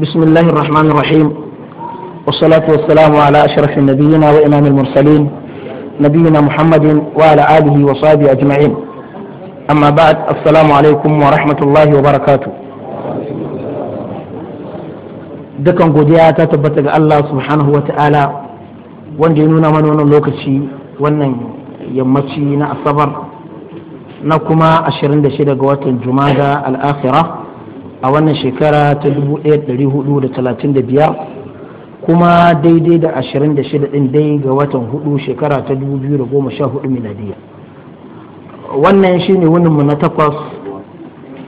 بسم الله الرحمن الرحيم والصلاة والسلام على أشرف النبيين وإمام المرسلين نبينا محمد وعلى آله وصحبه أجمعين أما بعد السلام عليكم ورحمة الله وبركاته dukan godiya ta tabbata ga Allah subhanahu wa ta'ala wanda ya nuna mana wannan lokaci wannan yammaci na asabar na kuma 26 ga watan jumada al-akhirah a wannan shekara ta 1435 kuma daidai da 26 ɗin dai ga watan hudu shekara ta 2014 miladiya wannan shi ne mu na takwas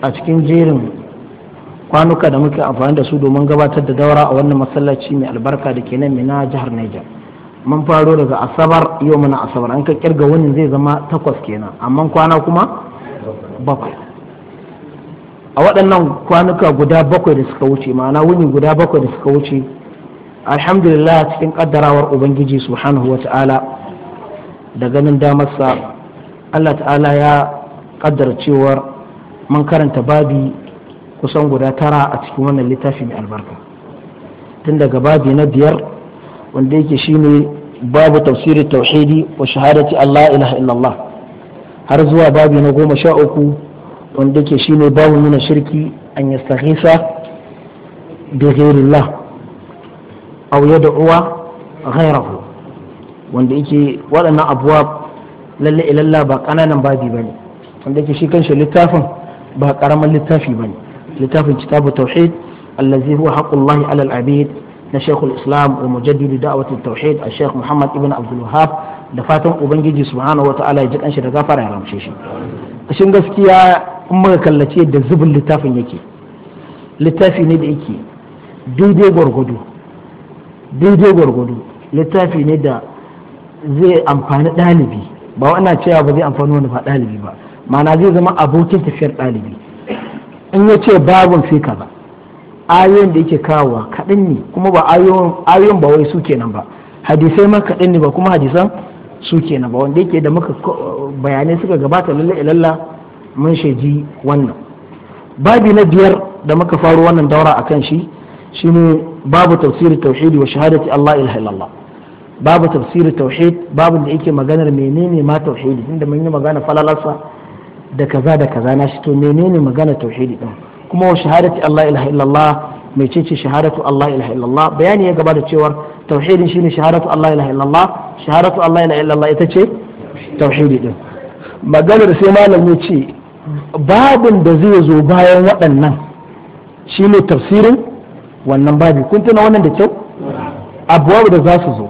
a cikin jerin kwanuka da muke amfani da su domin gabatar da daura a wannan masallaci mai albarka da ke nan mina jihar niger mun faro daga asabar yau muna asabar an ka kirga wani zai zama takwas kenan amma kwana kuma bakwai a waɗannan kwanuka guda bakwai da suka wuce ma'ana wuni guda bakwai da suka wuce alhamdulillah cikin ƙaddarawar ubangiji subhanahu ta'ala, da ganin damarsa allah ta'ala ya ƙaddara cewar mun karanta babi kusan guda tara a cikin wannan littafi mai albarka tun daga babi na biyar wanda yake shine babu tafsirin tauhidi wa shahadati allah ilaha illallah har zuwa babi na goma sha uku wanda ke shine babu nuna shirki an yastaghisa bi ghairillah aw yad'uwa ghairahu wanda yake waɗannan abuwa lalle ilalla ba ƙananan babi bane wanda yake shi kanshi littafin ba ƙaramin littafi bane littafin kitabu tauhid allazi huwa haqqullahi alal abid na shekul islam wa mujaddidu da'awati tauhid a shekh muhammad ibn abdul da fatan ubangiji subhanahu wa ta'ala ya ji kanshi da gafara ya ramshe shi shin gaskiya in muka kallace da zubin littafin yake littafi ne da yake daidai gwargwado daidai gwargwado littafi ne da zai amfani ɗalibi ba wannan cewa ba zai amfani wani ba ɗalibi ba ma'ana zai zama abokin tafiyar ɗalibi in ya ce babun sai kaza ayoyin da yake kawowa kaɗan ne kuma ba ayoyin ba wai su kenan ba hadisai ma kaɗan ne ba kuma hadisan su kenan ba wanda yake da muka bayanai suka gabata lallai. ilalla mun shaji wannan babi na biyar da muka faru wannan daura a kan shi shine babu tafsiri tauhidi wa shahadati Allah ilaha illallah babu tafsiri tauhid babu da yake maganar menene ma tauhidi inda mun yi magana falalarsa da kaza da kaza na shi to menene magana tauhidi din kuma wa shahadati Allah ilaha illallah mecece shahadatu Allah ilaha illallah bayani ya gabata cewar tauhidi shine shahadatu Allah ilaha illallah shahadatu Allah ilaha illallah ita ce tauhidi din maganar sai malam ya ce babin da zai zo bayan waɗannan shi ne tafsirin wannan babi kun tuna wannan da kyau abuwa da za su zo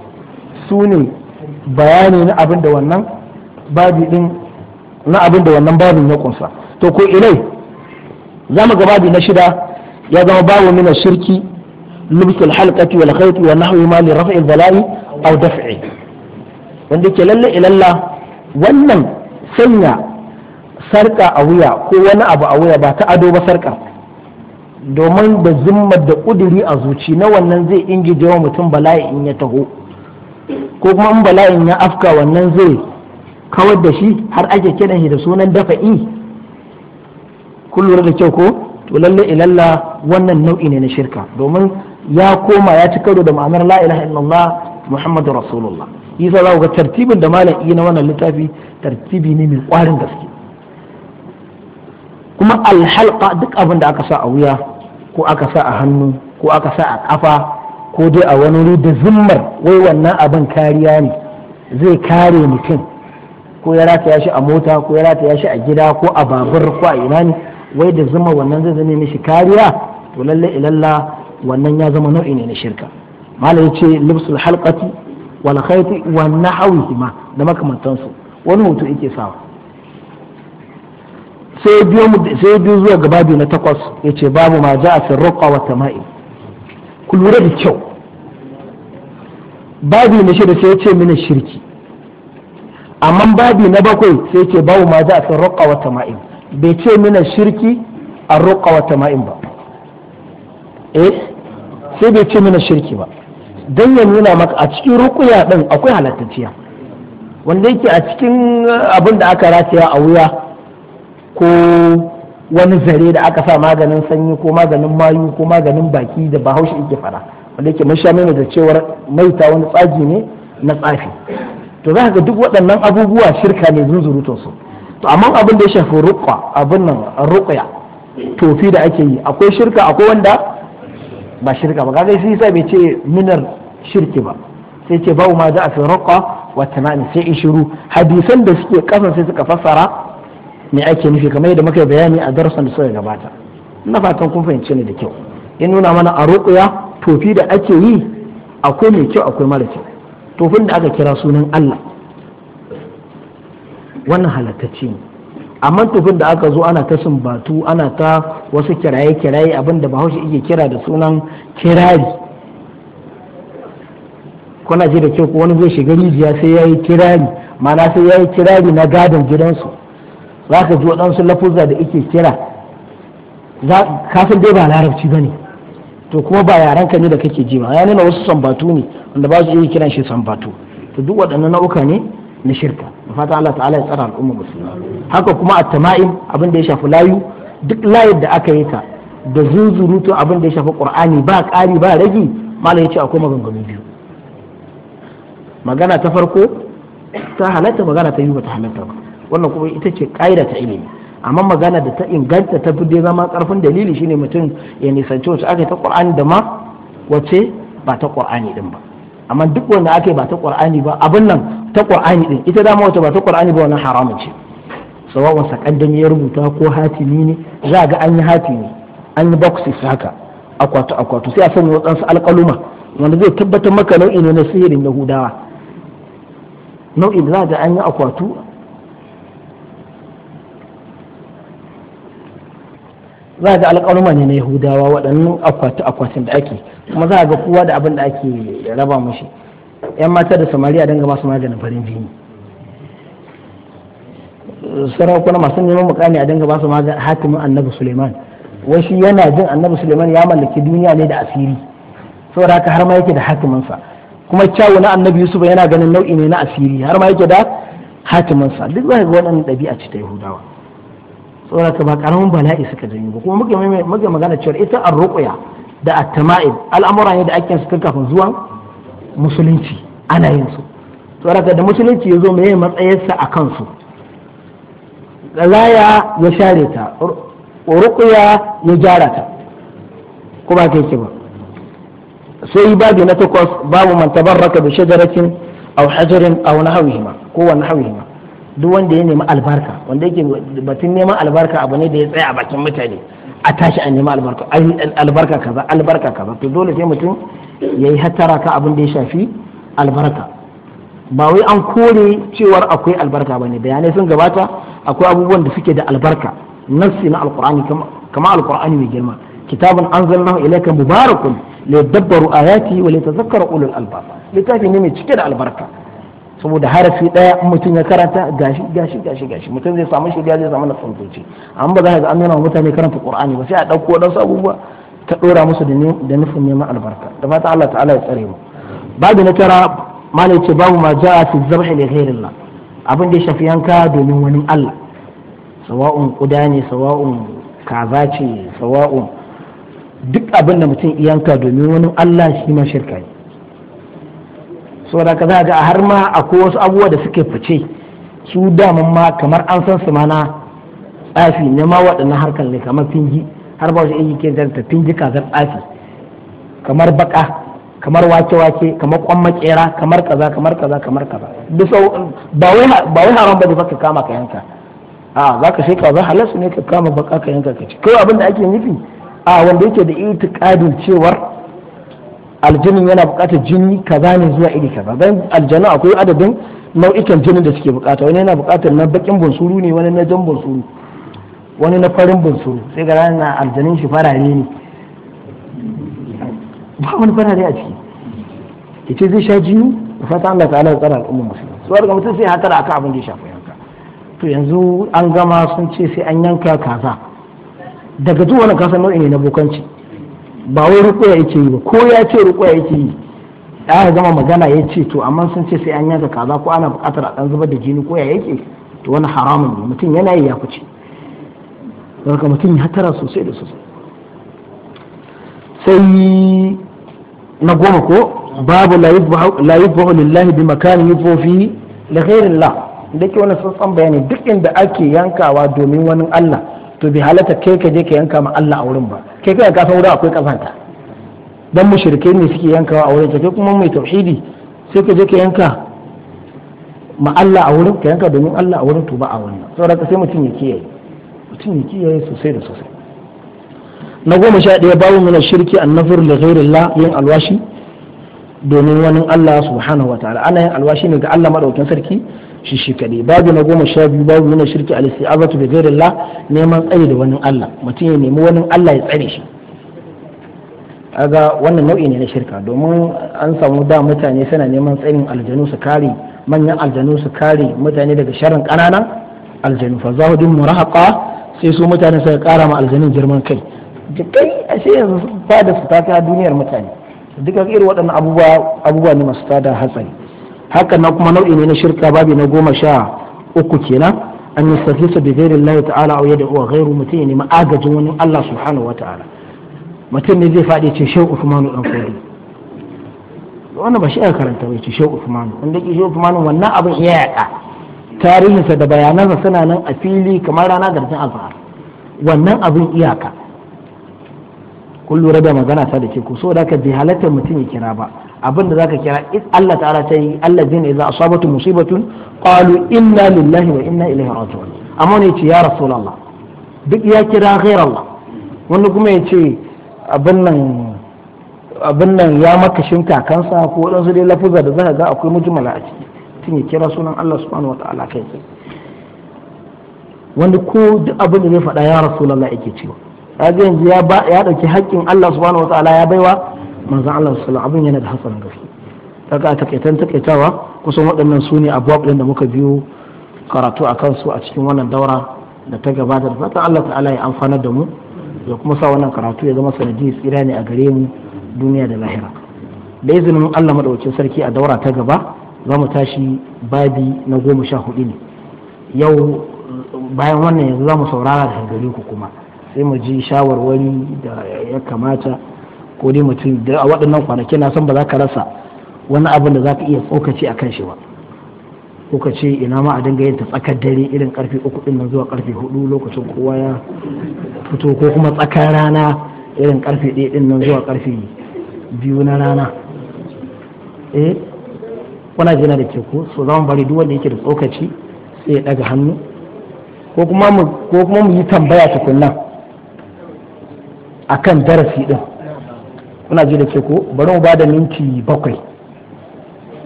su ne bayani na abin da wannan babi din na abin da wannan babin ya kunsa to ko ilai za mu ga babi na shida ya zama babu mina shirki لبس الحلقة والخيط ونحو ما لرفع bala'i aw daf'i wanda ke lalle ilalla wannan sanya sarka a wuya ko wani abu a wuya ba ta ado ba sarka domin da zimmar da ƙuduri a zuci na wannan zai ingije wa mutum bala'i in ya taho ko kuma in bala'in ya afka wannan zai kawar da shi har ake kira shi da sunan dafa'i kun lura da kyau ko to lalle ilalla wannan nau'i ne na shirka domin ya koma ya ci karo da ma'anar la ilaha illallah muhammadu rasulullah isa za ku ga tartibin da malam na wannan littafi tartibi ne mai kwarin gaske kuma alhalqa duk abin da aka sa a wuya ko aka sa a hannu ko aka sa a kafa ko dai a wani wuri da zimmar wai wannan abin kariya ne zai kare mutum ko ya rataya shi a mota ko ya rataya shi a gida ko a babur ko a ina ne wai da zuma wannan zai zame mishi kariya to lalle ilalla wannan ya zama nau'i ne na shirka malam ya ce libsul halqati wal khayti wan da makamantansu wani hoto yake sawa sai biyo biyo zuwa gaba biyu na takwas ya ce babu ma a fi ruqa wa tama'i ku lura da kyau babu na shida sai ya ce mini shirki amma babu na bakwai sai ya ce babu ma a fi ruqa wa tama'i bai ce mini shirki a roƙa wa tama'in ba eh sai bai ce mini shirki ba don ya nuna maka a cikin ruqya din akwai halattacciya wanda yake a cikin eh, abin da aka rataya a wuya ko wani zare da aka sa maganin sanyi ko maganin mayu ko maganin baki da bahaushe yake fara wanda yake mun sha mai da cewar maita wani tsaji ne na tsafi to za ga duk waɗannan abubuwa shirka ne zunzurutun su to amma abin da ya shafi ruqwa abin nan ruqya tofi da ake yi akwai shirka akwai wanda ba shirka ba kaga sai sai bai ce minar shirki ba sai ce babu ma za a fi ruqwa wa tunani sai in shiru hadisan da suke kasan sai suka fassara me ake nufi kamar yadda muka bayani a darasin da suka gabata ina fatan kun fahimce ni da kyau in nuna mana a ruƙuya tofi da ake yi akwai mai kyau akwai mara kyau tofin da aka kira sunan Allah wannan halattacce ne amma tofin da aka zo ana ta sumbatu ana ta wasu kiraye-kiraye abinda bahaushe yake kira da sunan kirari kuna ji da kyau ko wani zai shiga rijiya sai ya yi kirari ma'ana sai ya yi kirari na gadon gidansu za ka ji waɗansu lafuzza da ike kira kafin dai ba larabci ba ne to kuma ba yaran ka ne da kake ji ba ya nuna wasu sambatu ne wanda ba su iya kiran shi sambatu to duk waɗannan nauka ne na shirka da fata Allah ta'ala ya tsara al'umma musulma haka kuma a tama'in abin da ya shafi layu duk layar da aka yi ta da zuzuruto abin da ya shafi qur'ani ba ƙari ba ragi malam ya ce akwai maganganu biyu magana ta farko ta halatta magana ta yi ba ta halatta ba wannan kuma ita ce ƙa'ida ta ilimi amma magana da ta inganta ta fi zama ƙarfin dalili shine mutum ya nisanci wasu aka yi ta ƙur'ani da ma wace ba ta ƙur'ani din ba amma duk wanda aka yi ba ta ƙur'ani ba abin nan ta ƙur'ani din ita dama wace ba ta ƙur'ani ba wannan haramun ce sawa'un sakaddami ya rubuta ko hatimi ne za ga an yi hatimi an yi boxes haka akwatu akwatu sai a sanya su alƙaluma wanda zai tabbatar maka nau'i ne na sihirin yahudawa nau'in za ga an yi akwatu za ga alƙaluma ne na yahudawa waɗannan akwati akwatin da ake kuma za ga kowa da abin da ake raba mashi yan mata da samariya dinga su maganin farin jini sarakuna masu neman mukami a dinga ba su maganin hatimin annabi suleiman wai yana jin annabi suleiman ya mallaki duniya ne da asiri saboda haka har ma yake da hatiminsa kuma kyawu na annabi yusuf yana ganin nau'i ne na asiri har ma yake da hatiminsa duk za ga waɗannan ɗabi'a ce ta yahudawa saboda ba karamin bala'i suka janyo ba kuma muke magana cewa ita ar-ruqya da at-tama'id al'amura ne da ake su kafin zuwan musulunci ana yin su saboda da musulunci yazo meye sa a kansu laya ya share ta ruqya ya jara ta kuma kai ce ba sai babu na takwas babu man tabarraka bi shajaratin aw hajarin aw nahwihima ko wa nahwihima duk wanda ya nemi albarka wanda yake batun neman albarka abu ne da ya tsaya a bakin mutane a tashi a nemi albarka albarka kaza albarka kaza to dole sai mutum yayi yi hattara ka abin da ya shafi albarka ba wai an kore cewar akwai albarka ba ne bayanai sun gabata akwai abubuwan da suke da albarka nassi na alkur'ani kama alkur'ani mai girma kitabun anzalnahu ilayka mubarakun li yadabbaru ayati wa li ulul albab littafi ne mai cike da albarka saboda harafi daya in mutum ya karanta gashi gashi gashi gashi mutum zai samu shirya zai samu nasan zuci amma ba za ka ga an nuna mutane karanta qur'ani ba sai a ɗauko wadansu abubuwa ta ɗora musu da nufin neman albarka da fata Allah ta'ala ya tsare mu babu na tara mala ce babu ma a fi da li lalla abin da ya shafi yanka domin wani Allah sawa'un ƙuda ne sawa'un kaza ce sawa'un duk abin da mutum yanka domin wani Allah shi ma shirka ne saboda ka za ga har ma akwai wasu abubuwa da suke fice su daman ma kamar an san su mana tsafi ne ma waɗannan harkar ne kamar fingi har ba wasu iya ke ta fingi kazar tsafi kamar baka kamar wake-wake kamar kwan makera kamar kaza kamar kaza kamar kaza ba wai haram ba ne ka kama ka yanka a za ka sheka za halarsu ne ka kama baka ka yanka ka ci kawai abin da ake nufi a wanda yake da itikadin cewar aljinin yana buƙatar jini kaza ne zuwa iri kaza dan aljanu akwai adadin nau'ikan jinin da suke buƙata wani yana buƙatar na bakin bunsuru ne wani na jan bunsuru wani na farin bunsuru sai ga na aljanin shi farare ne ba wani farare a ciki ita zai sha jini da fata Allah ta'ala ya tsara al'ummar musulmi su ga mutum sai hatara akan abin da ya shafi yanka to yanzu an gama sun ce sai an yanka kaza daga zuwa wani kasan nau'i ne na bokanci ba wai rukuya yake yi ba ko ya ce rukuya yake yi ya gama magana ya ce to amma sun ce sai an yanka kaza ko ana buƙatar a ɗan zubar da jini ko ya yake to wani haramun ne mutum yana yi ya fice daga mutum ya tara sosai da sosai sai na goma ko babu la yubbahu lillahi bi makanin yubbahu fi la ghairillah da ke wani sassan bayani duk inda ake yankawa domin wani Allah to bai halatta kai ka je ka yanka ma Allah a wurin ba kai kai ka san wurin akwai kazanta dan mushrikai ne suke yankawa a wurin kai kuma mai tauhidi sai ka je ka yanka ma Allah a wurin ka yanka domin Allah a wurin to ba a wurin saboda sai mutum ya kiyaye mutum ya kiyaye sosai da sosai na goma sha ɗaya babu mana shirki annafir da ghairillah yin alwashi domin wani Allah subhanahu wataala ana yin alwashi ne ga Allah madaukin sarki shi shi kadai babu na goma sha biyu babu yana shirki azatu istiazatu da la neman tsare da wani Allah mutum ya nemi wani Allah ya tsare shi ga wannan nau'i ne na shirka domin an samu da mutane suna neman tsarin aljanu su kare manyan aljanu su kare mutane daga sharrin kananan aljanu fa zahudin murahaqa sai su mutane suka kara ma aljanun girman kai kai ashe yanzu ba da su ta duniyar mutane duka irin waɗannan abubuwa ne masu tada hatsari haka na kuma nau'i ne na shirka babi na goma sha uku kenan an yi yastafisa da ghairi Allah ta'ala aw uwa gairu mutum ne ma'agajin wani Allah subhanahu wa ta'ala mutum ne zai faɗi ce shehu Usmanu dan kodi wannan ba shi aka karanta bai ce shehu Usmanu wanda ke shehu Usmanu wannan abin iya yaƙa tarihinsa da bayanansa suna nan a fili kamar rana garjin azhar wannan abin iyaka kun lura da magana ta da ke ku so da ka bi halatta mutum ya kira ba abin da zaka kira is Allah ta'ala ta yi Allah zai ne za a sabatu musibatun qalu inna lillahi wa inna ilaihi raji'un amma ne ce ya rasulullah duk ya kira ghair Allah wani kuma ya ce abin nan abin nan ya makashin kakansa ko wadansu dai lafuza da zaka ga akwai mujmala a ciki tun ya kira sunan Allah subhanahu wataala kai tsaye wani ko duk abin da zai faɗa ya rasulullah yake cewa ya ba ya dauki haƙƙin Allah subhanahu wataala ya baiwa manzan Allah sallallahu abin yana da hatsarin gaske kaga a takaitan takaitawa kusan waɗannan su ne abuwa da muka biyo karatu a kansu a cikin wannan daura da ta gabata da fatan Allah ta'ala ya amfana da mu ya kuma sa wannan karatu ya zama sanadi tsira ne a gare mu duniya da lahira da izinin Allah madaukakin sarki a daura ta gaba za mu tashi babi na goma sha hudu ne yau bayan wannan yanzu za mu saurara da hangari ku kuma sai mu ji shawarwari da ya kamata ko dai mutum a waɗannan kwanaki na san ba za ka rasa wani abin da za ka iya tsokaci a kan shi ba ko ka ce ina ma a dinga yin ta tsakar dare irin karfe uku din nan zuwa karfe hudu lokacin kowa ya fito ko kuma tsakar rana irin karfe ɗaya din nan zuwa karfe biyu na rana eh kuna jina da ke ko so za mu bari duk wanda yake da tsokaci sai ya daga hannu ko kuma mu yi tambaya tukunna akan darasi din kuna ji da ke ko bari mu bada minti bakwai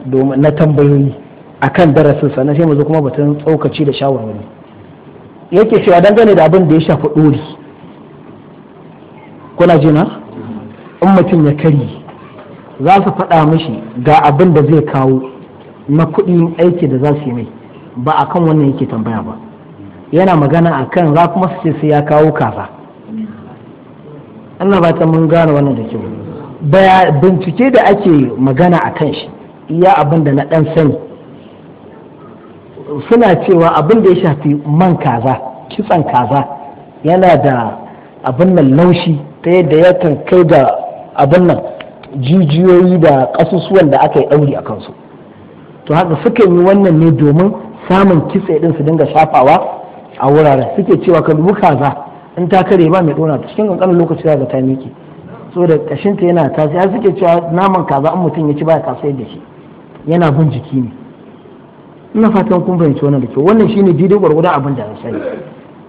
domin na tambayoyi akan darasin na sai mu zo kuma batun tsokaci da shawarwari yake cewa dangane da abin da ya shafi ɗori kuna ji na in mutum ya kari za su faɗa mishi ga abin da zai kawo na kuɗin aiki da za su yi mai ba akan wannan yake tambaya ba yana magana akan za kuma su ce sai ya kawo kaza Allah ba ta mun gane wannan da kyau Baya bincike da ake magana a kan shi iya abin da na ɗan sani suna cewa abin da ya shafi man kaza kitsan kaza yana da abin nan laushi ta yadda kan kai da abin nan jijiyoyi da ƙasusuwan da aka yi ɗauri a kansu to haka suka yi wannan ne domin samun kitse ɗin su dinga shafawa a wuraren suke cewa ka dubu kaza in ta kare ba mai ɗora cikin ƙanƙanin lokaci za ta miƙe so da kashin ta yana tashi har suke cewa naman kaza an mutum ya ci baya kasayar da shi yana bin jiki ne ina fatan kun fahimci wannan da ke wannan shine didi gwargwadon abin da na sani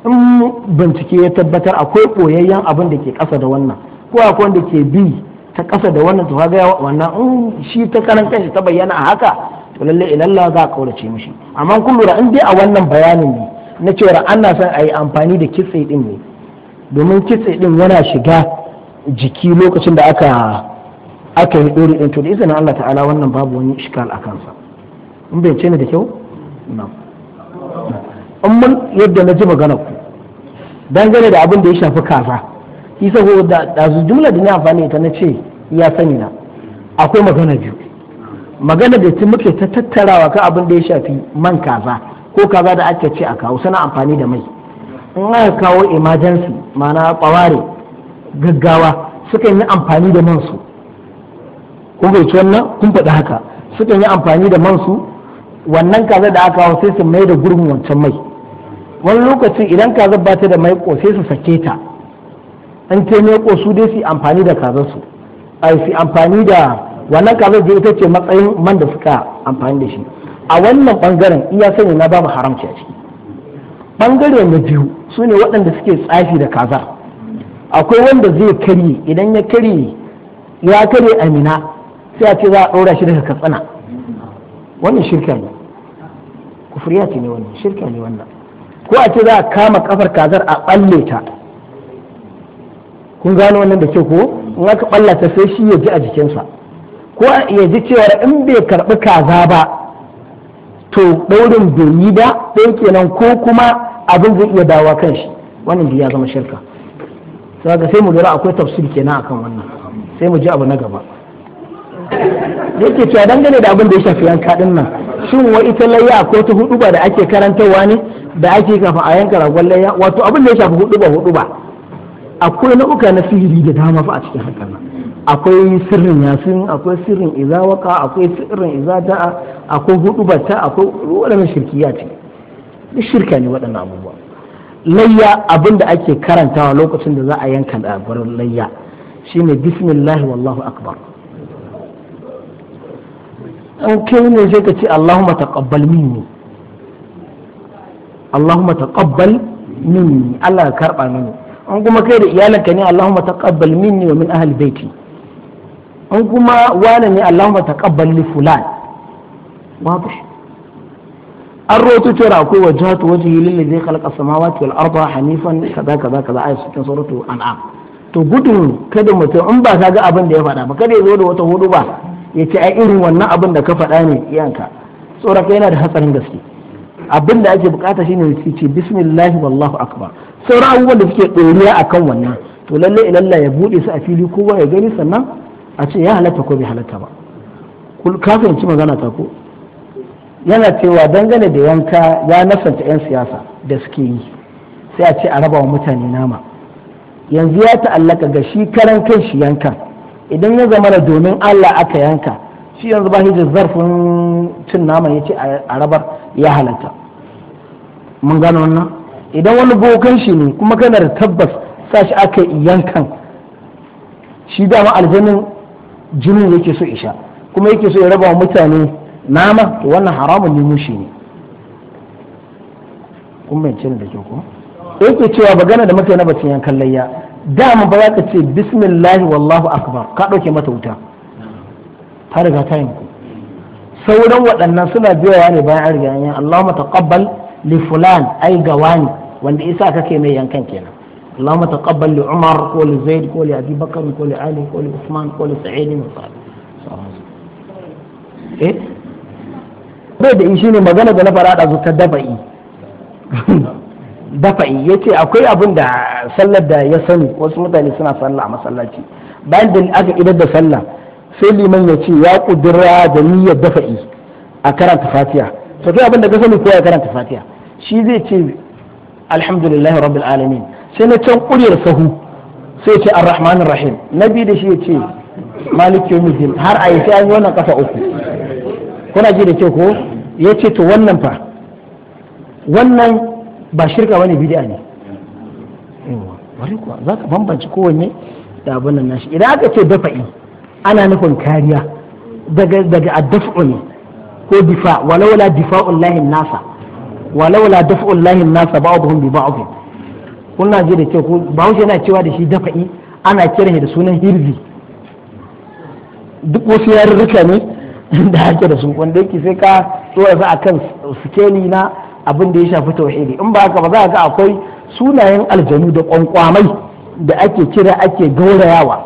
in bincike ya tabbatar akwai koyayyen abin da ke kasa da wannan ko akwai wanda ke bi ta kasa da wannan to kaga wannan in shi ta karan kanshi ta bayyana a haka to lalle eh, Allah za a kaurace mishi amma kun lura in dai a wannan bayanin ne na cewa ana son a yi amfani da kitse din ne domin kitse din yana shiga jiki lokacin da aka aka yi ɗori ɗin to da izinin Allah ta'ala wannan babu wani ishkal a kansa in bai ce ni da kyau na mun yadda na ji magana ku dangane da abin da ya shafi kaza shi saboda da su jumla da ni amfani ta na ce ya sani na akwai magana biyu magana da ta muke ta tattarawa ka abin da ya shafi man kaza ko kaza da ake ce a kawo sana amfani da mai in aka kawo emergency ma'ana ɓaware gaggawa sukan yi amfani da man su bai ci wannan kun faɗi haka sukan yi amfani da man su wannan kaza da aka hau sai su mai da gurbin wancan mai wani lokacin idan kaza ba ta da mai ko sai su sake ta an ta mai su dai su amfani da kazar su ai su amfani da wannan kaza da ita ce matsayin man da suka amfani da shi a wannan bangaren iya sanya na babu haramci a ciki bangare na biyu su ne waɗanda suke tsafi da kazar. akwai wanda zai karye idan ya karye ya karye amina sai a ce za a ɗora shi daga katsina wannan shirka ne kufriya ce ne wannan shirka ne wannan ko a ce za a kama kafar kazar a balle ta kun gano wannan da ke ko in aka balla ta sai shi ya ji a jikinsa ko ya ji cewa in bai karbi kaza ba to ɗaurin bai yi ba ɗaya kenan ko kuma abin zai iya dawa kan shi wannan ya zama shirka saka sai mu lura akwai tafsir kenan akan wannan sai mu ji abu na gaba da yake cewa dangane da abin da ya shafi yanka din nan shin wa ita layya akwai ta hudu ba da ake karantarwa ne da ake kafa a yanka ragon layya wato abin da ya shafi hudu ba hudu ba akwai na sihiri da dama fa a cikin hakan nan akwai sirrin yasin akwai sirrin izawaka akwai sirrin izata akwai hudu ta akwai waɗannan shirkiya ce shirka ne waɗannan abubuwa layya abin da ake karantawa lokacin da za a yanka gurin layya shine bismillahi wallahu akbar an kai ne sai ka ce allahumma taqabbal minni allahumma taqabbal minni Allah karba mini an kuma kai da iyalanka ne allahumma taqabbal minni wa min ahli baiti an kuma wani ne allahumma taqabbal li fulan wato an rotu cewa akwai wajhatu wajhi lillazi zai khalaqa samawati wal arda hanifan kaza kaza kaza ayat cikin suratu an'am to gudun kada mutum in ba ka ga abin da ya faɗa ba kada ya zo da wata hudu ba ya ce a irin wannan abin da ka faɗa ne iyanka tsoraka yana da hatsarin gaske abin da ake bukata shine ya ce bismillahi wallahu akbar sauran abubuwan da suke ɗoriya a kan wannan to lalle lallai ya buɗe su a fili kowa ya gani sannan a ce ya halatta ko bai halatta ba kafin ci magana ta ko yana cewa dangane da yanka ya nasanta 'yan siyasa da suke yi sai a ce a raba wa mutane nama yanzu ya ta'allaka ga shi karan kan shi yanka idan ya zama da domin allah aka yanka shi yanzu ba da zarfin cin nama ya ce a rabar ya halatta mun gano wannan idan wani bokan shi ne kuma kana da tabbas sa shi aka yi yankan shi dama aljanin jinin yake so isha kuma yake so ya raba wa mutane nama to wannan haramun ne mushi ne kun bance da ke ko ko cewa magana da mutane ba cin yankan layya dama ba za ka ce bismillahi wallahu akbar ka dauke mata wuta ta riga ta yanku sauran waɗannan suna biyowa ne bayan an riga yi, Allahumma taqabbal li fulan ai gawani wanda isa kake mai yankan kenan Allahumma taqabbal li Umar ko li Zaid ko li Abi Bakar ko li Ali ko li Usman ko li Sa'id Sa'id bai da shi ne magana da na farada su ta dafa'i dafa'i ya ce akwai abin da sallar da ya sani wasu mutane suna sallah a masallaci bayan da aka idar da sallah sai liman ya ce ya kudura da niyyar dafa'i a karanta fatiya to kai abin da ka sani ko ya karanta fatiya shi zai ce alhamdulillahi rabbil alamin sai na can kuriyar sahu sai ce arrahmanir rahim nabi da shi ya ce malik yawmiddin har a yi sai an yi wannan kasa uku kuna ji da ke ko ya ce to wannan fa wannan ba shirka wani bid'a ne za ka bambanci kowanne da abin nan nashi idan aka ce dafa'i ana nufin kariya daga daga addaf'u ne ko difa walaula difa'ul lahin nasa walaula daf'ul lahin nasa ba bi ba'd kuna ji da ce ba wuce yana cewa da shi dafa'i ana kiran da sunan hirzi duk wasu yarurruka ne da ake da su wanda sai ka tsora su akan sikeli na abin da ya shafi tauhidi in ba haka ba za ka akwai sunayen aljanu da kwankwamai da ake kira ake gaurayawa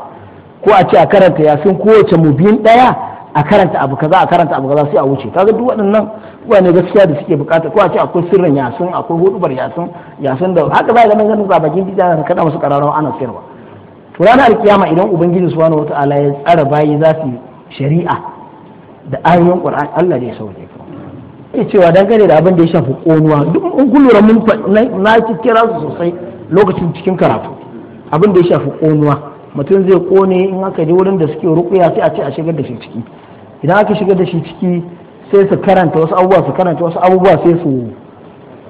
ko a ce a karanta yasin kowace mubin daya a karanta abu kaza a karanta abu kaza sai a wuce kaga duk waɗannan ne gaskiya da suke bukata ko a ce akwai sirrin yasin akwai hudubar yasin yasin da haka za ganin ganin babakin gida na kada musu kararrawa ana sayarwa to ranar kiyama idan ubangiji subhanahu wataala ya tsara bayi za su shari'a da ayoyin qur'ani Allah ne ya sauke ka ya cewa dangane da abin da ya shafi konuwa duk in kun lura mun na ci kira su sosai lokacin cikin karatu abin da ya shafi konuwa mutum zai kone in aka je wurin da suke rukuya sai a ce a shigar da shi ciki idan aka shigar da shi ciki sai su karanta wasu abubuwa su karanta wasu abubuwa sai su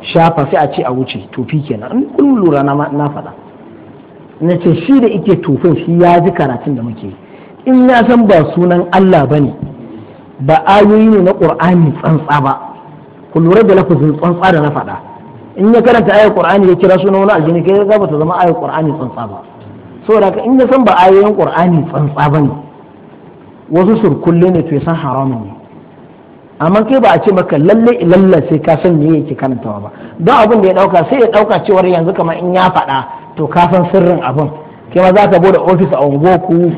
shafa sai a ce a wuce tofi kenan in kun lura na faɗa na ce shi da ike tofin shi ya ji karatun da muke in ya san ba sunan Allah ba ne ba ayoyi ne na qur'ani tsantsa ba ku lura da lafazin tsantsa da na faɗa in ya karanta ayar qur'ani ya kira suna wani aljini kai za ta zama ayar qur'ani tsantsa ba saboda ka in ya san ba ayoyin qur'ani tsantsa ba ne wasu surkulle ne to ya san haramun ne amma kai ba a ce maka lalle lalla sai ka san me yake karantawa ba don abin da ya dauka sai ya dauka cewa yanzu kamar in ya faɗa to ka san sirrin abin kai ma za ka bude ofis a unguwarku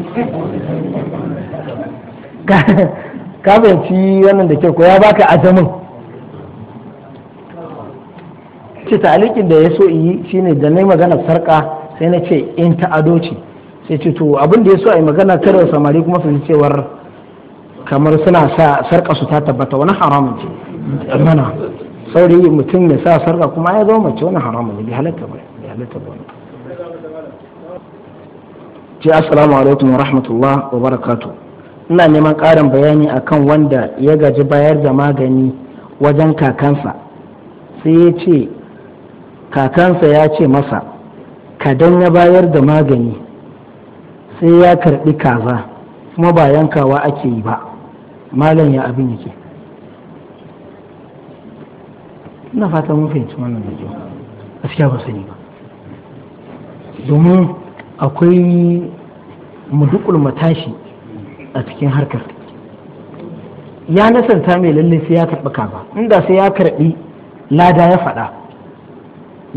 ka wannan da kyau ko ya baka ajamin ce ta'alikin da ya so yi shine da na yi magana sarka sai na ce in ta'ado ce sai ce to abin da ya so a yi magana karewa samari kuma sun cewar kamar suna sa sarka su ta tabbata wani haramun ce mana yi mutum ya sa sarka kuma ya zama mace wani haramun ne bi halatta ba halatta ba ce assalamu alaikum wa rahmatullah wa barakatuh ina neman ƙarin bayani akan wanda ya gaji bayar da magani wajen kakansa sai ya ce kakansa ya ce masa kadan ya bayar da magani sai ya karɓi kaza kuma ba yankawa ake yi ba malam ya abin yake ina fata mun fahimci wannan da a gaskiya ba sani ba domin akwai mudukul matashi a cikin harkar ya nasanta mai lalle sai ya karɓi kaza inda sai ya karɓi lada ya faɗa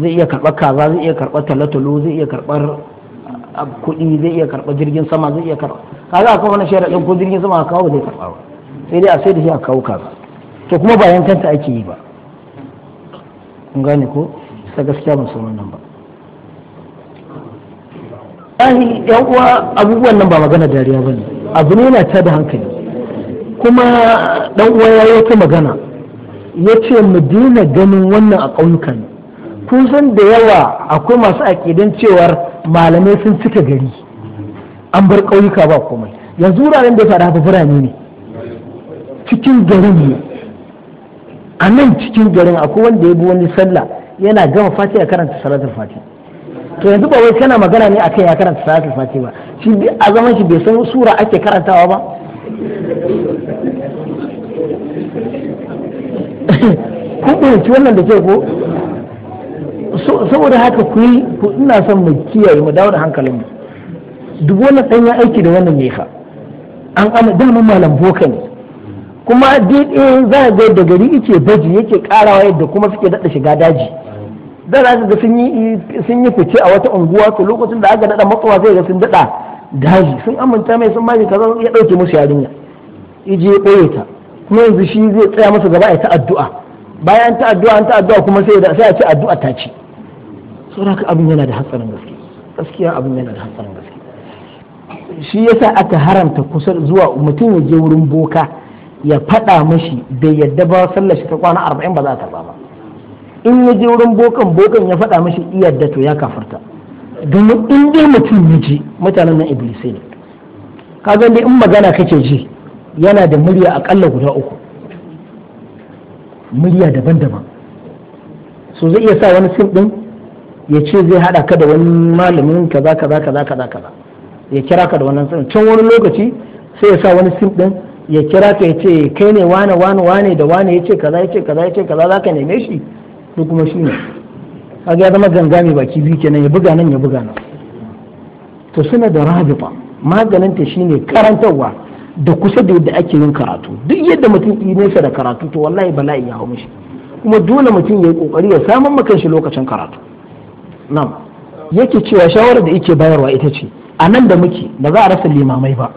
zai iya karɓar kaza zai iya karɓar talatalo zai iya karɓar ah, kuɗi zai iya karɓar jirgin sama zai iya karɓar kaza akwai wani sharaɗin ko jirgin sama a kawo zai karɓa ba sai dai a sai da shi a kawo kaza to kuma ba kanta ake yi ba kun gane ko ta gaskiya ban san nan ba ɗan uwa abubuwan nan ba magana dariya ba ne abu ne na ta da hankali kuma dan uwa ya ta magana ya ce mu daina ganin wannan a ƙauyukan kun san da yawa akwai masu aƙidan cewar malamai sun cika gari an bar ƙauyuka ba komai yanzu wuraren da ya faɗa birane ne cikin garin ne a nan cikin garin akwai wanda ya bi wani sallah yana gama fati karanta salatul fati to yanzu ba wai kana magana ne akan ya karanta salatul fati ba shi a zaman shi bai san sura ake karantawa ba kun fahimci wannan da ke ko saboda haka ku yi ku ina son mu kiyaye mu dawo da hankalin mu. duk wannan ɗan ya aiki da wannan ne fa an ana dama malam boka ne kuma daidai eh, za a ga da gari yake baji yake karawa yadda kuma suke daɗa shiga daji da za ga sun yi fice a wata unguwa to lokacin da aka daɗa matsowa zai ga sun daɗa daji sun aminta mai sun bashi kaza ya dauke musu yarinya ije ya koye ta kuma yanzu shi zai tsaya masa gaba ya ta addu'a bayan ta addu'a an ta addu'a kuma sai sai a ce addu'a ta ci saboda abin yana da hatsarin gaske gaskiya abin yana da hatsarin gaske shi yasa aka haramta kusa zuwa mutum ya je wurin boka ya faɗa mashi bai yadda ba sallar shi ta kwana arba'in ba za ta ba in ya je wurin bokan bokan ya faɗa mashi iya to ya kafarta domin in dai mutum ya ji mutanen nan iblisai ne ka dai in magana kake ji yana da murya akalla guda uku murya daban-daban so zai iya sa wani fim din ya ce zai hada ka da wani malamin kaza kaza kaza kaza kaza ya kira ka da wannan sanin can wani lokaci sai ya sa wani fim din ya kira ka ya ce kai ne wane wane wane da wane ya ce kaza ya ce kaza ya ce kaza za ka neme shi duk kuma shi ne kaga ya zama ganga mai baki biyu kenan ya buga nan ya buga nan to suna da rabita maganinta shine karantarwa da kusa da yadda ake yin karatu duk yadda mutum yi nesa da karatu to wallahi bala'i ya hau mishi kuma dole mutum ya yi kokari ya samun makan shi lokacin karatu nam yake cewa shawarar da yake bayarwa ita ce a nan da muke ba za a rasa limamai ba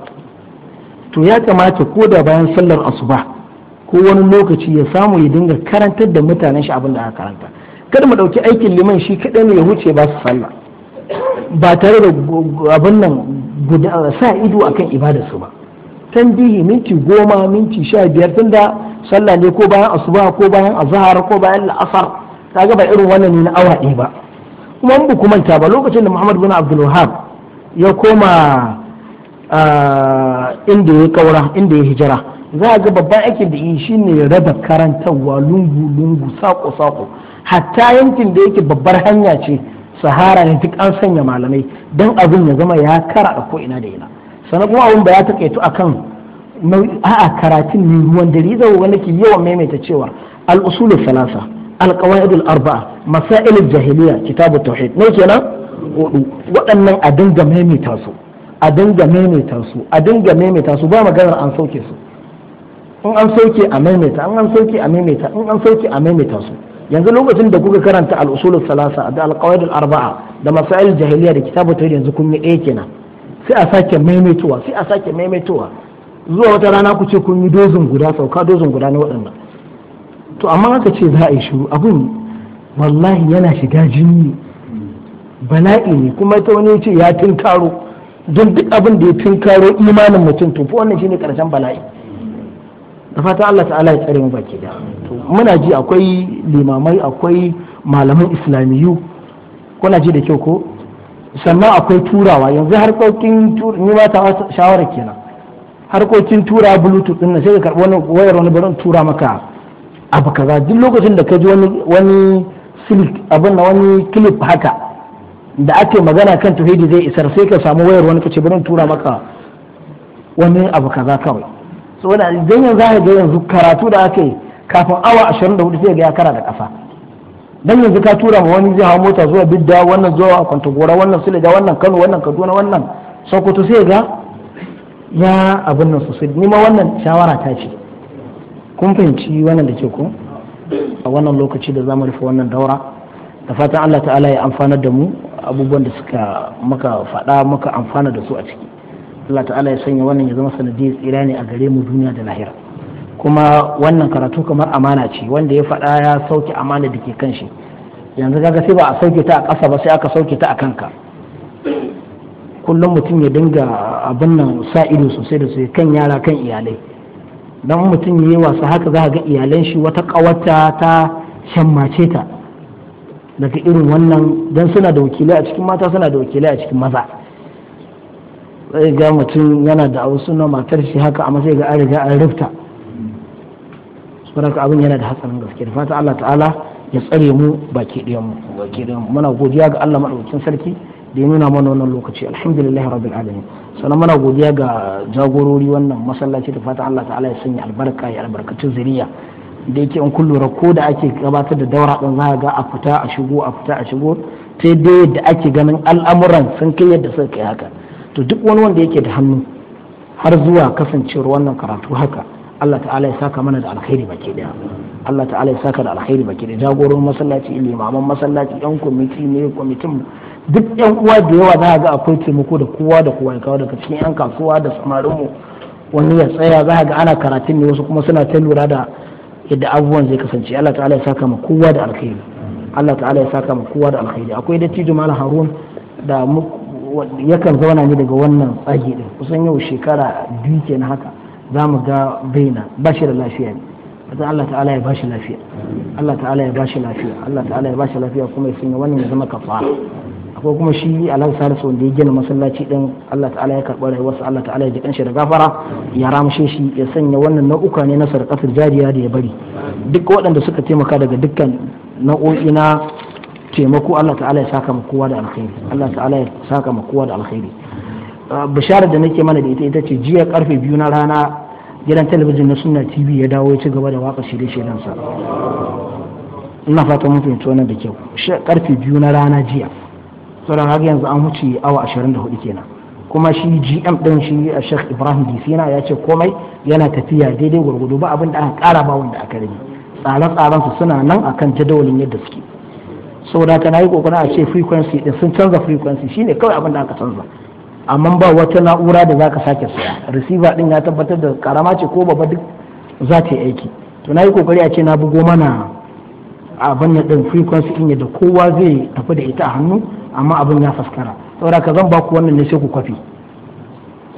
to ya kamata ko da bayan sallar asuba ko wani lokaci ya samu ya dinga karantar da mutanen shi abin da aka karanta kada mu ɗauki aikin liman shi kaɗai ne ya huce ba su sallah ba tare da abin nan sa ido akan su ba tanbihi minti goma minti sha biyar tunda sallah ne ko bayan asuba ko bayan azhar ko bayan la'asar kaga ba irin wannan ne na awa ɗaya ba kuma mu ku manta ba lokacin da Muhammad bin Abdul Wahhab ya koma inda ya kaura inda ya hijira za a ga babban aikin da yi shine raba karantarwa lungu lungu sako sako hatta yankin da yake babbar hanya ce sahara ne duk an sanya malamai don abin ya zama ya kara a ko ina da ina sannan kuma abin ba ya takaitu akan a karatun ne ruwan dare zai wani ke yawan maimaita cewa al salasa al-qawaidul arba'a masailul jahiliya kitabut tauhid ne kenan hudu waɗannan a dinga maimaita su a dinga maimaita su a dinga maimaita su ba maganar an sauke su in an sauke a maimaita in an sauke a maimaita in an sauke a maimaita su yanzu lokacin da kuka karanta al salasa da al arba'a da masail jahiliya da kitabu ta yanzu kun yi ɗaya kenan sai a sake maimaitowa sai a sake maimaitowa zuwa wata rana ku ce kun yi dozin guda sauka dozin guda na waɗannan to amma aka ce za a yi shiru abin wallahi yana shiga jini bala'i ne kuma ta wani ce ya tinkaro don duk abin da ya tinkaro imanin mutum to fa wannan shine karshen bala'i da fata Allah ta'ala ya tsare mu baki da muna ji akwai limamai akwai malaman islamiyu kuna ji da kyau ko sannan akwai turawa yanzu harkokin ni ba ta shawara kenan harkokin tura bluetooth din sai ka karbi wani wayar wani barin tura maka abu kaza duk lokacin da ka ji wani wani silk abin na wani clip haka da ake magana kan tuhidi zai isar sai ka samu wayar wani kace barin tura maka wani abu kaza kawai saboda dan yanzu za ga yanzu karatu da aka yi kafin awa 24 sai ga ya kara da kafa dan yanzu ka tura ma wani zai hawo mota zuwa bidda wannan zuwa kwanta gora wannan suleja wannan kano wannan kaduna wannan sokoto sai ga ya abin nan sosai ni ma wannan shawara ta ce kun fahimci wannan da ke ko a wannan lokaci da zamu rufe wannan daura da fatan Allah ta'ala ya amfanar da mu abubuwan da suka maka faɗa maka amfana da su a ciki Allah ta'ala ya sanya wannan ya zama sanadiyar tsira ne a gare mu duniya da lahira kuma wannan karatu kamar amana ce wanda ya faɗa ya sauke amana da ke kan shi yanzu kaga sai ba a sauke ta a ƙasa ba sai aka sauke ta a kanka kullum mutum ya dinga abin nan sa ido sosai da sosai kan yara kan iyalai dan mutum ya yi wasa haka za a ga iyalan shi wata ƙawata ta shammace ta daga irin wannan dan suna da wakilai a cikin mata suna da wakilai a cikin maza sai ga mutum yana da abu suna matar shi haka amma sai ga an riga an rufta saboda abin yana da hatsarin gaske da fata Allah ta'ala ya tsare mu baki ɗayan mu baki ɗayan mu muna godiya ga Allah madaukakin sarki da ya nuna mana wannan lokaci alhamdulillah rabbil alamin sannan muna godiya ga jagorori wannan masallaci da fata Allah ta'ala ya sanya albarka ya albarkacin zuriya da yake in kun lura ko da ake gabatar da daura din za ga a fita a shigo a fita a shigo sai dai yadda ake ganin al'amuran sun kai yadda suka kai haka to duk wani wanda yake da hannu har zuwa kasancewar wannan karatu haka Allah ta'ala ya saka mana da alkhairi baki daya Allah ta'ala ya saka da alkhairi baki daya jagoron masallaci limaman masallaci yan kwamiti ne kwamitin duk yan uwa da yawa za ga akwai taimako da kowa da kowa ya kawo daga cikin yan kasuwa da samarinmu wani ya tsaya za ga ana karatun ne wasu kuma suna ta lura da yadda abubuwan zai kasance Allah ta'ala ya saka ma kowa da alkhairi Allah ta'ala ya saka ma kowa da alkhairi akwai dattijo malam Harun da yakan zauna ne daga wannan tsage din kusan yau shekara biyu kenan haka za mu ga baina ba shi da lafiya ne fatan Allah ta'ala ya bashi lafiya Allah ta'ala ya bashi lafiya Allah ta'ala ya bashi lafiya kuma ya sanya wannan ya zama kafara akwai kuma shi Alhaji Salisu wanda ya gina masallaci din Allah ta'ala ya karɓa rayuwarsa Allah ta'ala ya ji kanshi da gafara ya ramshe shi ya sanya wannan nau'uka ne na sarƙatar jariya da ya bari duk waɗanda suka taimaka daga dukkan nau'o'i na taimako Allah ta'ala ya saka kowa da alkhairi Allah ta'ala ya saka kowa da alkhairi ah, bisharar da nake mana da ita ita ce jiya karfe biyu na rana gidan talabijin na sunna tv ya dawo ya ci gaba da waka shirye shiryen sa ina fata mun fahimci wannan da kyau karfe biyu na rana jiya sauran har yanzu an huce awa ashirin da hudu kenan kuma shi gm din shi a sheikh ibrahim disina ya ce komai yana tafiya daidai gwargwado ba abin da aka kara ba wanda aka rage tsare-tsaren suna nan akan jadawalin yadda suke saboda ka nayi kokarin a ce frequency din sun canza frequency shine kawai abin da aka canza amma ba wata na'ura da zaka sake saya receiver din ya tabbatar da karama ce ko babba duk za ta yi aiki to nayi kokari a ce na bugo mana abin da din frequency din yadda kowa zai tafi da ita a hannu amma abin ya faskara saboda ka zan baku wannan ne sai ku kwafi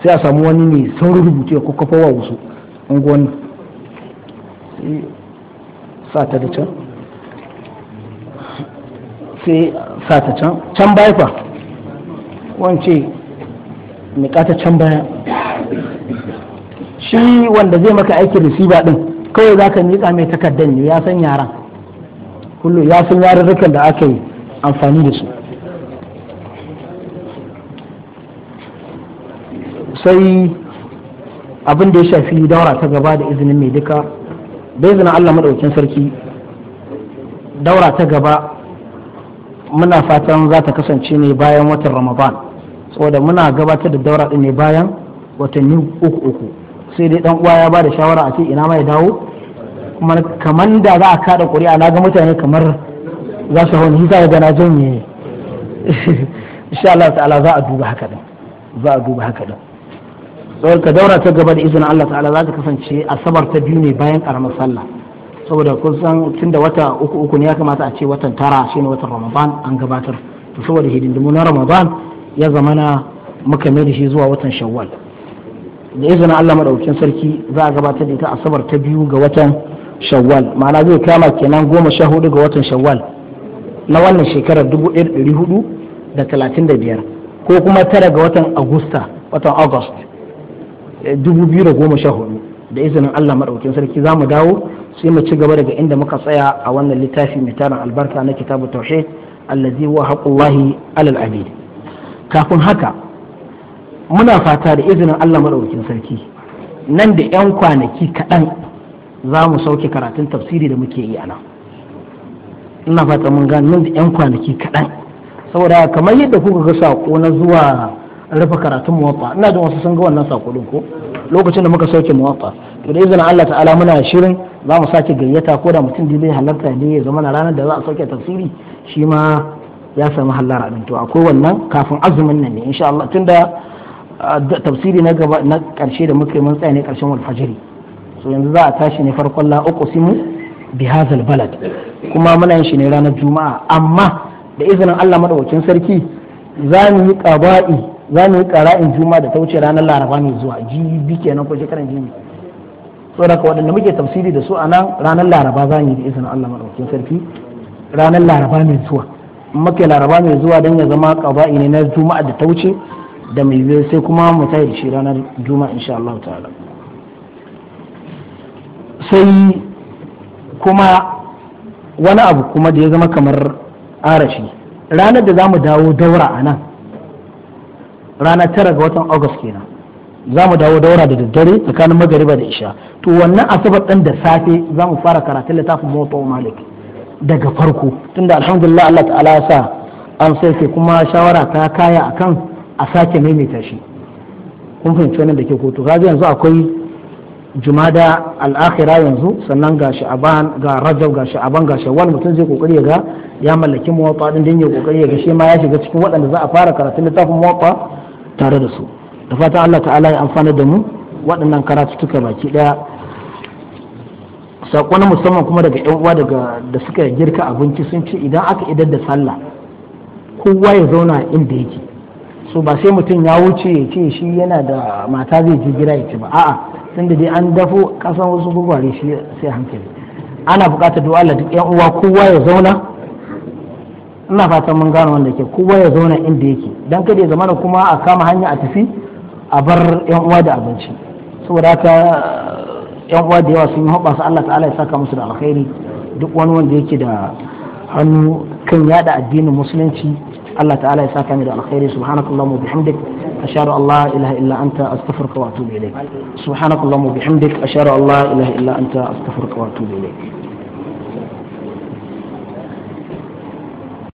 sai a samu wani ne saurin rubutu ko kafa wa wasu unguwanni sa ta da can sai sa ta can can baya fa wance nikata can baya shi wanda zai maka aikin receiver din kawai zaka ka miƙa mai takardar ne ya san yaran kullum ya san yarurrukan da aka yi amfani da su sai abin da ya shafi daura ta gaba da izinin mai duka bai zina allah maɗaukin sarki daura ta gaba muna fatan za ta kasance ne bayan watan ramadan saboda muna gabatar da daura ne bayan watanni uku uku sai dai dan uwa ya ba da shawara a ce ina ma ya dawo kuma kamar da za a kada ƙuri'a na ga mutane kamar za su hau hisa ga na janye insha Allah ta'ala za a duba haka din za a duba haka din saboda daura ta gaba da izinin Allah ta'ala za ta kasance asabar ta biyu ne bayan karamar sallah saboda kun san tun da wata uku uku ne ya kamata a ce watan tara shine watan ramadan an gabatar to saboda hidindimu na ramadan ya zama muka mai da shi zuwa watan shawwal da izinin Allah madaukakin sarki za a gabatar da ita asabar ta biyu ga watan shawwal ma'ana zai kama kenan goma sha hudu ga watan shawwal na wannan shekarar dubu ɗaya ɗari hudu da talatin da biyar ko kuma tara ga watan agusta watan august eh, dubu biyu da goma sha hudu da izinin Allah maɗaukin sarki za mu dawo sai mu ci gaba daga inda muka tsaya a wannan littafi mai tarin albarka na kitabu tauhid allazi wa haqqullahi alal abid kafin haka muna fata da izinin Allah madaukakin sarki nan da yan kwanaki kaɗan za mu sauke karatun tafsiri da muke yi a nan ina fata mun gane nan da yan kwanaki kaɗan saboda kamar yadda kuka ga sako na zuwa rufe karatun muwatta ina jin wasu sun ga wannan sako din ko lokacin da muka sauke muwatta to da izinin Allah ta'ala muna shirin za mu sake gayyata ko da mutum da zai halarta ne ya zama na ranar da za a sauke tafsiri shi ma ya samu halar abin to akwai wannan kafin azumin nan ne insha Allah tunda tafsiri na gaba na karshe da muke mun tsaya ne karshen wal fajiri so yanzu za a tashi ne farkon la uqsimu bi balad kuma muna yin shi ne ranar juma'a amma da izinin Allah madaukakin sarki za mu yi qaba'i za mu yi qara'in juma'a da ta wuce ranar laraba mai zuwa jibi kenan ko shekaran jibi saboda waɗanda muke tafsiri da su a nan ranar laraba za mu yi da izinin Allah maɗaukakin sarki ranar laraba mai zuwa muke laraba mai zuwa don ya zama ƙaba'i ne na juma'a da ta wuce da mai biyu sai kuma mu tayi da shi ranar juma'a insha Allah ta'ala sai kuma wani abu kuma da ya zama kamar arashi ranar da za mu dawo daura a nan ranar tara ga watan august kenan za mu dawo daura da daddare tsakanin magariba da isha to wannan asabar ɗin da safe za mu fara karatun littafin mota malik daga farko tunda alhamdulillah Allah ta'ala ya sa an sauke kuma shawara ta kaya akan a sake maimaita shi kun fahimci wannan da ke kotu kaga yanzu akwai jumada al'akhira yanzu sannan ga sha'aban ga rajab ga sha'aban ga shawwal mutum zai kokari ya ga ya mallaki ɗin, din ya kokari ya ga shi ma ya shiga cikin waɗanda za a fara karatun littafin muwatta tare da su da fatan Allah ta'ala ya amfana da mu waɗannan karatu tuka baki ɗaya sako na musamman kuma daga yan uwa daga da suka girka abinci sun ce idan aka idar da sallah kowa ya zauna inda yake so ba sai mutum ya wuce ya ce shi yana da mata zai je gida ya ce ba a'a tunda dai an dafo kasan wasu gugware shi sai hankali ana buƙatar du'a Allah duk yan uwa kowa ya zauna ina fatan mun gano wanda ke kowa ya zauna inda yake dan kada ya zamana kuma a kama hanya a tafi a bar yan uwa da abinci saboda haka eh, yan uwa da yawa sun yi su Allah ta'ala ya saka musu da alkhairi duk wani wanda yake da hannu kan yada addinin musulunci Allah ta'ala ya saka ni da alkhairi subhanakallahu wa bihamdik ashhadu an la ilaha illa anta astaghfiruka wa atubu ilayk subhanakallahu wa bihamdik ashhadu an la ilaha illa anta astaghfiruka wa atubu ilayk